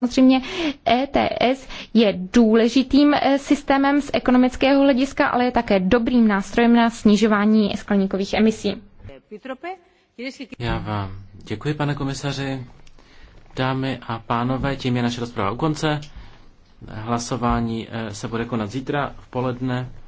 Samozřejmě ETS je důležitým eh, systémem z ekonomického hlediska, ale je také dobrým nástrojem na snižování skleníkových emisí. Já vám děkuji, pane komisaři. Dámy a pánové, tím je naše rozprava u konce. Hlasování eh, se bude konat zítra v poledne.